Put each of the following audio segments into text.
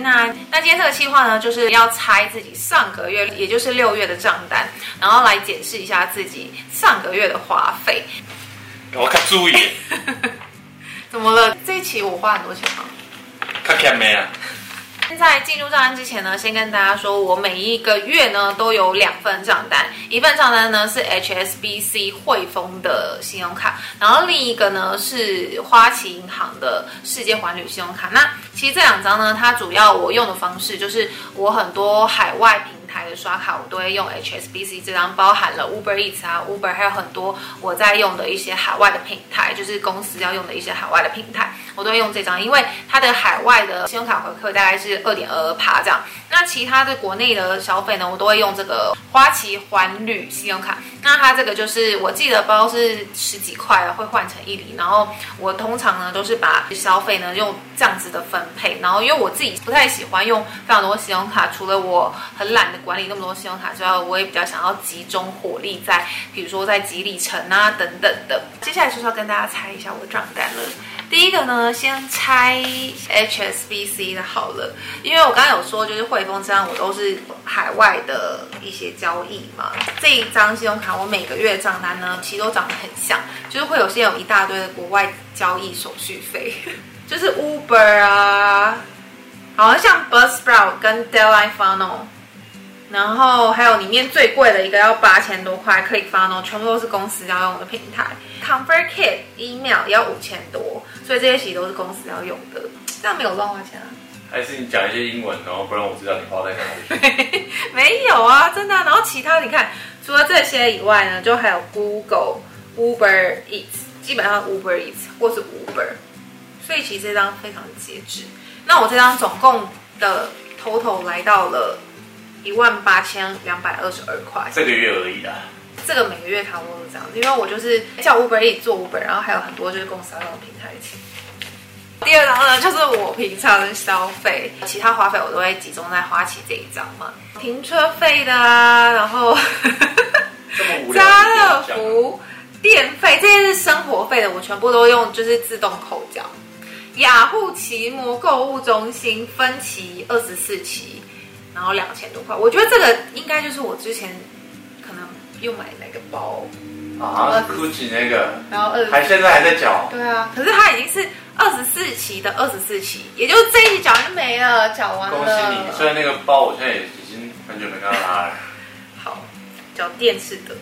那那今天這個計劃呢，就是要拆自己上個月，也就是六月的賬單，然後來檢視一下自己上個月的花費。我卡注意， 怎麼了？這一期我花很多錢嗎？卡看沒啊？在進入賬單之前呢，先跟大家說，我每一個月呢都有兩份賬單，一份賬單呢是 HSBC 汇豐的信用卡，然後另一個呢是花旗銀行的世界寰旅信用卡。那其實這兩張呢，它主要我用的方式就是我很多海外。台的刷卡我都會用 HSBC 這張，包含了 Uber Eats 啊，Uber 還有很多我在用的一些海外的平台，就是公司要用的一些海外的平台，我都會用這張，因為它的海外的信用卡回饋大概是二點二二趴這樣。其他的國內的消費呢，我都會用這個花旗寰旅信用卡。那它這個就是，我記得包是十幾塊啊，會換成一哩。然後我通常呢都、就是把消費呢用這樣子的分配。然後因為我自己不太喜歡用非常多信用卡，除了我很懶得管理那麼多信用卡之外，我也比較想要集中火力在，比如說在集里程啊等等的。接下來就是要跟大家猜一下我的賬單了。第一個呢，先拆 HSBC 的好了，因為我剛才有說，就是匯豐這張我都是海外的一些交易嘛，這一張信用卡我每個月的賬單呢，其實都長得很像，就是會有些有一大堆的國外交易手續費，就是 Uber 啊，好像像 Bus Brow 跟 Deli Funnel。然後還有裡面最貴的一個要八千多塊，可以發哦，全部都是公司要用的平台。ConvertKit email 也要五千多，所以這些其實都是公司要用的，這樣沒有亂花錢啊。還是你講一些英文，然後不然我知道你花在哪裡。沒有啊，真的啊。然後其他你看，除了這些以外呢，就還有 Google、Uber Eats，基本上 Uber Eats 或是 Uber，所以其實這張非常的節制。那我這張總共的 total 來到了，一萬八千兩百二十二塊，這個月而已啦。這個每個月差不多都這樣子，因為我就是叫 Uber 坐 Uber，然後還有很多就是公司使用的平台一起。第二張呢，就是我平常的消費，其他花費我都會集中在花旗這一張嘛。停車費的、啊、然後家樂福電費這些是生活費的，我全部都用就是自動扣繳。雅虎奇摩購物中心分期二十四期。然後兩千多塊，我覺得這個應該就是我之前可能又買那個包啊 g u c c i 那個，然後還現在還在繳、嗯，對啊，可是它已經是二十四期的二十四期，也就這一期繳就沒了，繳完了。恭喜你！所然，那個包我現在也已經很久沒看到了。 好，繳電視的，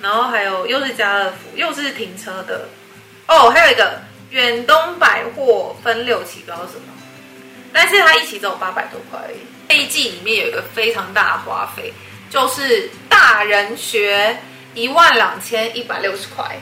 然後還有又是家樂福，又是停車的，哦，還有一個遠東百貨分六期，不知道什麼，但是他一起走有八百多塊。這一季裡面有一個非常大的花費，就是大人學一萬兩千一百六十塊，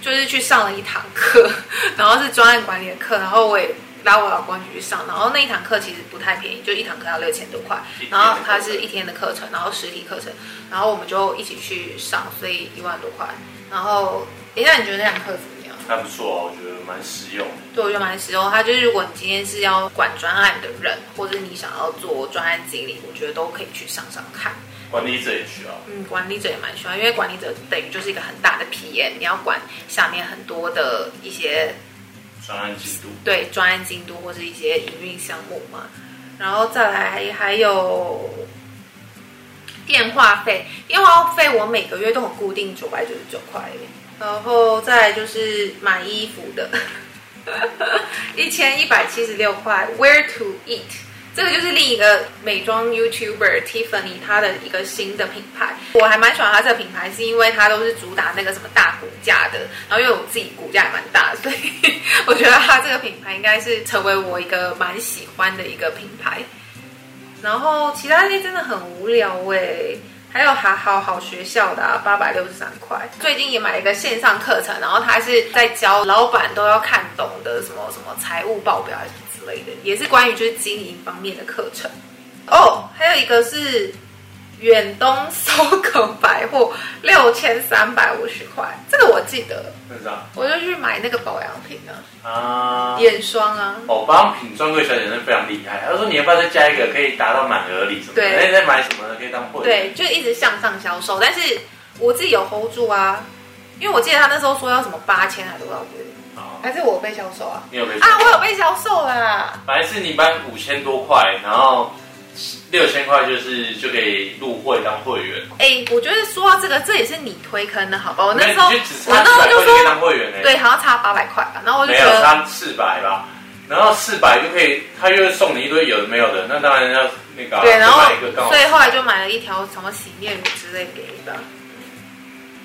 就是去上了一堂課，然後是專案管理的課，然後我也拉我老公一起去上，然後那一堂課其實不太便宜，就一堂課要六千多塊，然後它是一天的課程，然後實體課程，然後我們就一起去上，所以一萬多塊。然後，哎，那你覺得那堂課怎麼還不錯哦，我覺得蠻實用。對，我覺得蠻實用。他就是如果你今天是要管專案的人，或者你想要做專案經理，我覺得都可以去上上看。管理者也需要。嗯，管理者也蠻需要，因為管理者等於就是一個很大的 PM，你要管下面很多的一些專案進度，對，專案進度或者一些營運項目嘛。然後再來還有電話費，電話費我每個月都很固定九百九十九塊。然後再來就是買衣服的，一千一百七十六塊。Where to eat？這個就是另一個美妝 YouTuber Tiffany 它的一個新的品牌，我還蠻喜歡它這個品牌，是因為它都是主打那個什麼大骨架的。然後因為我自己骨架也蠻大，所以我覺得它這個品牌應該是成為我一個蠻喜歡的一個品牌。然後其他哩真的很無聊哎、欸。還有還好好學校的啊，八百六十三塊。最近也買了一個線上課程，然後他是在教老闆都要看懂的什麼什麼財務報表之類的，也是關於就是經營方面的課程哦。還有一個是。遠東 SOGO 百貨六千三百五十塊，這個我記得、啊。我就去買那個保養品啊。啊。眼霜啊。保、哦、養品專櫃小姐真的非常厲害，她說，你要不要再加一個可以達到滿額禮什麼？對。再買什麼呢？可以當貨對，就一直向上銷售，但是我自己有 hold 住啊，因為我記得她那時候說要什麼八千還是多少？好、啊。還是我被銷售啊？你有被銷售啊？啊，我有被銷售啦。本來是你買五千多塊，然後。六千塊，就是就可以入會當會員、欸。哎，我覺得說到這個，這也是你推坑的好吧？我那時候、欸啊、那我那時候就說對，好像差八百塊，然後我就沒有三四百吧，然後四百就可以，他又送你一堆有的沒有的，那當然要那個啊、對、然後買一個，所以後來就買了一條什麼洗面乳之類的給的。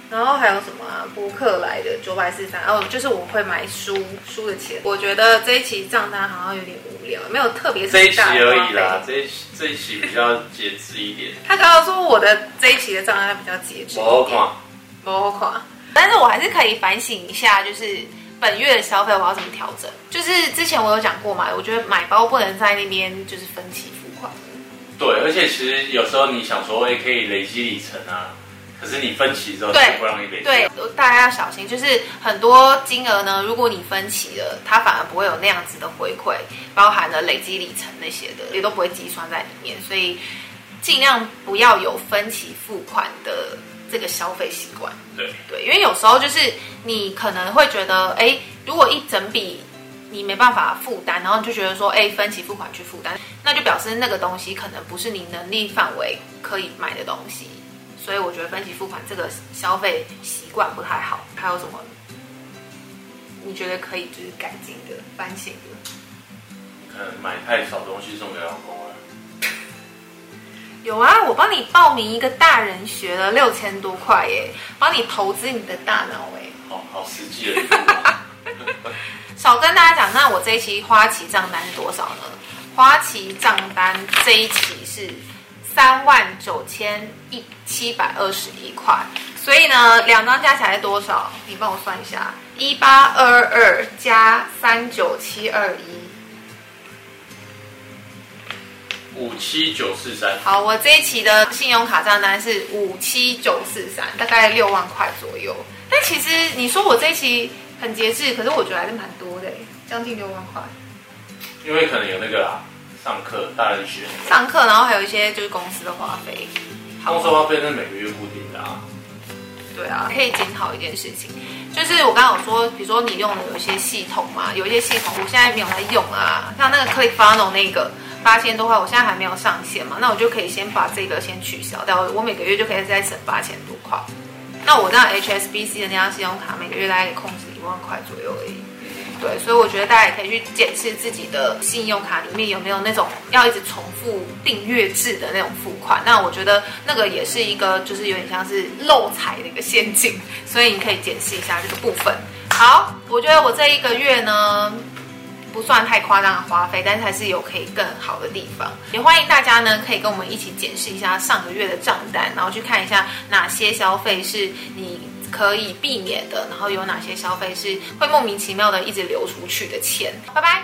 然後還有什麼啊？博客來的九百四十三，943, 哦，就是我會買書，書的錢。我覺得這一期賬單好像有點無聊，沒有特別，特別。這一期而已啦，這一期這一期比較節制一點。 他剛剛說我的這一期的賬單比較節制。魔狂，魔狂，但是我還是可以反省一下，就是本月的消費我要怎麼調整？就是之前我有講過嘛，我覺得買包不能在那邊就是分期付款。對，而且其實有時候你想說，也可以累積里程啊。可是你分期之後對，是不容易被對不讓一筆對，大家要小心，就是很多金額呢，如果你分期了，它反而不會有那樣子的回饋，包含了累積里程那些的，也都不會計算在裡面，所以盡量不要有分期付款的這個消費習慣。對對，因為有時候就是你可能會覺得，哎、欸，如果一整筆你沒辦法負擔，然後你就覺得說，哎、欸，分期付款去負擔，那就表示那個東西可能不是你能力範圍可以買的東西。所以我覺得分期付款這個消費習慣不太好。還有什麼？你覺得可以就是改進番茄的、反省的？買太少東西送給老公了。 有啊，我幫你報名一個大人學了六千多塊耶，幫你投資你的大腦哎。好好實際、啊、 少跟大家講。那我這一期花旗賬單是多少呢？花旗賬單這一期是。三萬九千一七百二十一塊，所以呢，兩張加起來多少？你幫我算一下，一八二二加三九七二一，五七九四三。好，我這一期的信用卡賬單是五七九四三，大概六萬塊左右。但其實你說我這一期很節制，可是我覺得還是蠻多的，將近六萬塊。因為可能有那個啦。上課，大力學。上課，然後還有一些就是公司的花費。公司花費是每個月固定的啊。對啊，可以檢討一件事情，就是我剛剛有說，比如說你用的有一些系統嘛，有一些系統我現在沒有在用啊，像那個 ClickFunnel 那個八千多塊，我現在還沒有上線嘛，那我就可以先把這個先取消掉，我每個月就可以再省八千多塊。那我在 HSBC 的那張信用卡每個月大概控制一萬塊左右而、欸、已。對，所以我覺得大家也可以去檢視自己的信用卡裡面有沒有那種要一直重複訂閱制的那種付款。那我覺得那個也是一個，就是有點像是漏財的一個陷阱。所以你可以檢視一下這個部分。好，我覺得我這一個月呢，不算太誇張的花費，但是還是有可以更好的地方。也歡迎大家呢，可以跟我們一起檢視一下上個月的賬單，然後去看一下哪些消費是你。可以避免的，然後有哪些消費是會莫名其妙的一直流出去的錢？拜拜。